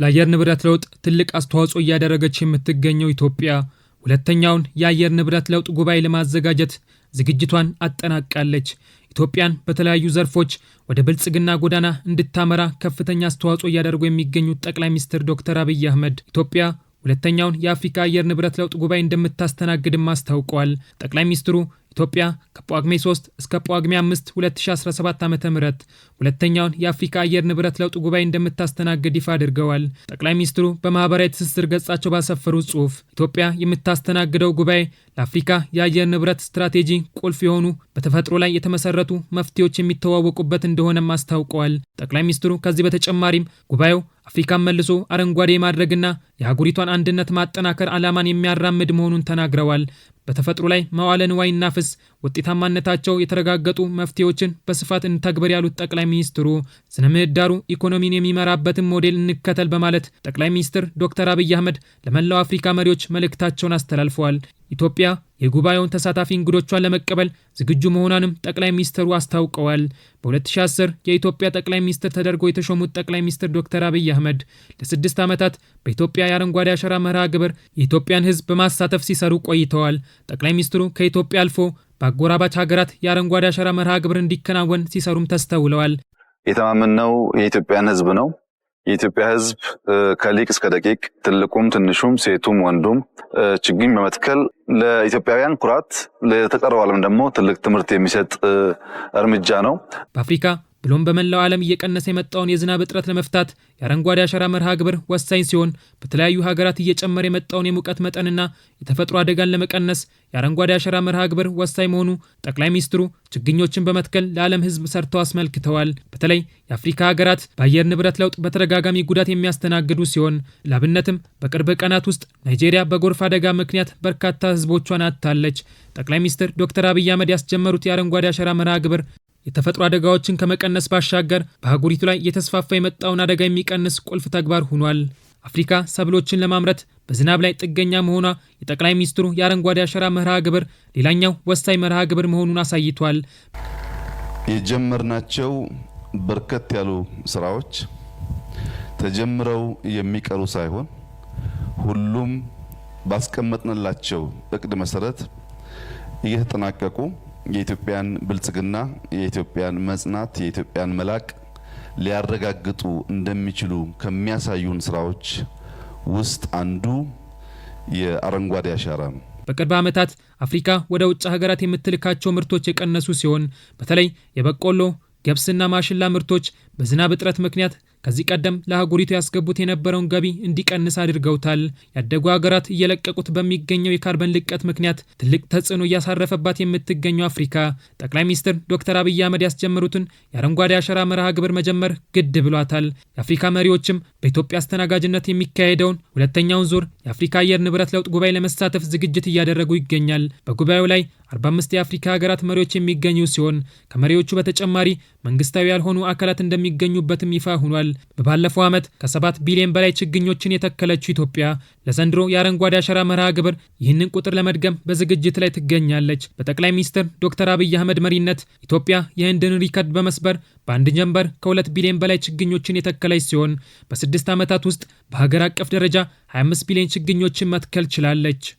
ለአየር ንብረት ለውጥ ትልቅ አስተዋጽኦ እያደረገች የምትገኘው ኢትዮጵያ ሁለተኛውን የአየር ንብረት ለውጥ ጉባኤ ለማዘጋጀት ዝግጅቷን አጠናቃለች። ኢትዮጵያን በተለያዩ ዘርፎች ወደ ብልጽግና ጎዳና እንድታመራ ከፍተኛ አስተዋጽኦ እያደረጉ የሚገኙት ጠቅላይ ሚኒስትር ዶክተር አብይ አህመድ ኢትዮጵያ ሁለተኛውን የአፍሪካ አየር ንብረት ለውጥ ጉባኤ እንደምታስተናግድም አስታውቀዋል። ጠቅላይ ሚኒስትሩ ኢትዮጵያ ከጳጉሜ 3 እስከ ጳጉሜ 5 2017 ዓ ም ሁለተኛውን የአፍሪካ አየር ንብረት ለውጥ ጉባኤ እንደምታስተናግድ ይፋ አድርገዋል። ጠቅላይ ሚኒስትሩ በማህበራዊ ትስስር ገጻቸው ባሰፈሩት ጽሑፍ ኢትዮጵያ የምታስተናግደው ጉባኤ ለአፍሪካ የአየር ንብረት ስትራቴጂ ቁልፍ የሆኑ በተፈጥሮ ላይ የተመሰረቱ መፍትሄዎች የሚተዋወቁበት እንደሆነም አስታውቀዋል። ጠቅላይ ሚኒስትሩ ከዚህ በተጨማሪም ጉባኤው አፍሪካን መልሶ አረንጓዴ ማድረግና የአህጉሪቷን አንድነት ማጠናከር ዓላማን የሚያራምድ መሆኑን ተናግረዋል። በተፈጥሮ ላይ መዋለ ንዋይና ፍስ ውጤታማነታቸው የተረጋገጡ መፍትሄዎችን በስፋት እንተግበር ያሉት ጠቅላይ ሚኒስትሩ ስነ ምህዳሩ ኢኮኖሚን የሚመራበትን ሞዴል እንከተል በማለት ጠቅላይ ሚኒስትር ዶክተር አብይ አህመድ ለመላው አፍሪካ መሪዎች መልእክታቸውን አስተላልፈዋል። ኢትዮጵያ የጉባኤውን ተሳታፊ እንግዶቿን ለመቀበል ዝግጁ መሆኗንም ጠቅላይ ሚኒስትሩ አስታውቀዋል። በ2010 የኢትዮጵያ ጠቅላይ ሚኒስትር ተደርገው የተሾሙት ጠቅላይ ሚኒስትር ዶክተር አብይ አህመድ ለስድስት ዓመታት በኢትዮጵያ የአረንጓዴ አሻራ መርሃ ግብር የኢትዮጵያን ሕዝብ በማሳተፍ ሲሰሩ ቆይተዋል። ጠቅላይ ሚኒስትሩ ከኢትዮጵያ አልፎ በአጎራባች ሀገራት የአረንጓዴ አሻራ መርሃ ግብር እንዲከናወን ሲሰሩም ተስተውለዋል። የተማመነው የኢትዮጵያን ሕዝብ ነው የኢትዮጵያ ሕዝብ ከሊቅ እስከ ደቂቅ ትልቁም ትንሹም ሴቱም ወንዱም ችግኝ በመትከል ለኢትዮጵያውያን ኩራት፣ ለተቀረው ዓለም ደግሞ ትልቅ ትምህርት የሚሰጥ እርምጃ ነው። በአፍሪካ ብሎም በመላው ዓለም እየቀነሰ የመጣውን የዝናብ እጥረት ለመፍታት የአረንጓዴ አሻራ መርሃ ግብር ወሳኝ ሲሆን በተለያዩ ሀገራት እየጨመረ የመጣውን የሙቀት መጠንና የተፈጥሮ አደጋን ለመቀነስ የአረንጓዴ አሻራ መርሃ ግብር ወሳኝ መሆኑ ጠቅላይ ሚኒስትሩ ችግኞችን በመትከል ለዓለም ሕዝብ ሰርተው አስመልክተዋል። በተለይ የአፍሪካ ሀገራት በአየር ንብረት ለውጥ በተደጋጋሚ ጉዳት የሚያስተናግዱ ሲሆን ላብነትም በቅርብ ቀናት ውስጥ ናይጄሪያ በጎርፍ አደጋ ምክንያት በርካታ ሕዝቦቿን አጥታለች። ጠቅላይ ሚኒስትር ዶክተር አብይ አህመድ ያስጀመሩት የአረንጓዴ አሻራ መርሃ ግብር የተፈጥሮ አደጋዎችን ከመቀነስ ባሻገር በአህጉሪቱ ላይ የተስፋፋ የመጣውን አደጋ የሚቀንስ ቁልፍ ተግባር ሆኗል። አፍሪካ ሰብሎችን ለማምረት በዝናብ ላይ ጥገኛ መሆኗ የጠቅላይ ሚኒስትሩ የአረንጓዴ አሻራ መርሃ ግብር ሌላኛው ወሳኝ መርሃ ግብር መሆኑን አሳይቷል። የጀመርናቸው በርከት ያሉ ስራዎች ተጀምረው የሚቀሩ ሳይሆን ሁሉም ባስቀመጥንላቸው እቅድ መሰረት እየተጠናቀቁ የኢትዮጵያን ብልጽግና፣ የኢትዮጵያን መጽናት፣ የኢትዮጵያን መላቅ ሊያረጋግጡ እንደሚችሉ ከሚያሳዩን ስራዎች ውስጥ አንዱ የአረንጓዴ አሻራ ነው። በቅርብ ዓመታት አፍሪካ ወደ ውጭ ሀገራት የምትልካቸው ምርቶች የቀነሱ ሲሆን በተለይ የበቆሎ ገብስና ማሽላ ምርቶች በዝናብ እጥረት ምክንያት ከዚህ ቀደም ለአህጉሪቱ ያስገቡት የነበረውን ገቢ እንዲቀንስ አድርገውታል። ያደጉ ሀገራት እየለቀቁት በሚገኘው የካርበን ልቀት ምክንያት ትልቅ ተጽዕኖ እያሳረፈባት የምትገኘው አፍሪካ ጠቅላይ ሚኒስትር ዶክተር አብይ አህመድ ያስጀመሩትን የአረንጓዴ አሻራ መርሃ ግብር መጀመር ግድ ብሏታል። የአፍሪካ መሪዎችም በኢትዮጵያ አስተናጋጅነት የሚካሄደውን ሁለተኛውን ዙር የአፍሪካ አየር ንብረት ለውጥ ጉባኤ ለመሳተፍ ዝግጅት እያደረጉ ይገኛል። በጉባኤው ላይ 45 የአፍሪካ ሀገራት መሪዎች የሚገኙ ሲሆን ከመሪዎቹ በተጨማሪ መንግስታዊ ያልሆኑ አካላት እንደሚገኙበትም ይፋ ሆኗል። በባለፈው ዓመት ከ7 ቢሊዮን በላይ ችግኞችን የተከለችው ኢትዮጵያ ለዘንድሮ የአረንጓዴ አሻራ መርሃ ግብር ይህንን ቁጥር ለመድገም በዝግጅት ላይ ትገኛለች። በጠቅላይ ሚኒስትር ዶክተር አብይ አህመድ መሪነት ኢትዮጵያ የህንድን ሪከርድ በመስበር በአንድ ጀንበር ከ2 ቢሊዮን በላይ ችግኞችን የተከለች ሲሆን በስድስት ዓመታት ውስጥ በሀገር አቀፍ ደረጃ 25 ቢሊዮን ችግኞችን መትከል ችላለች።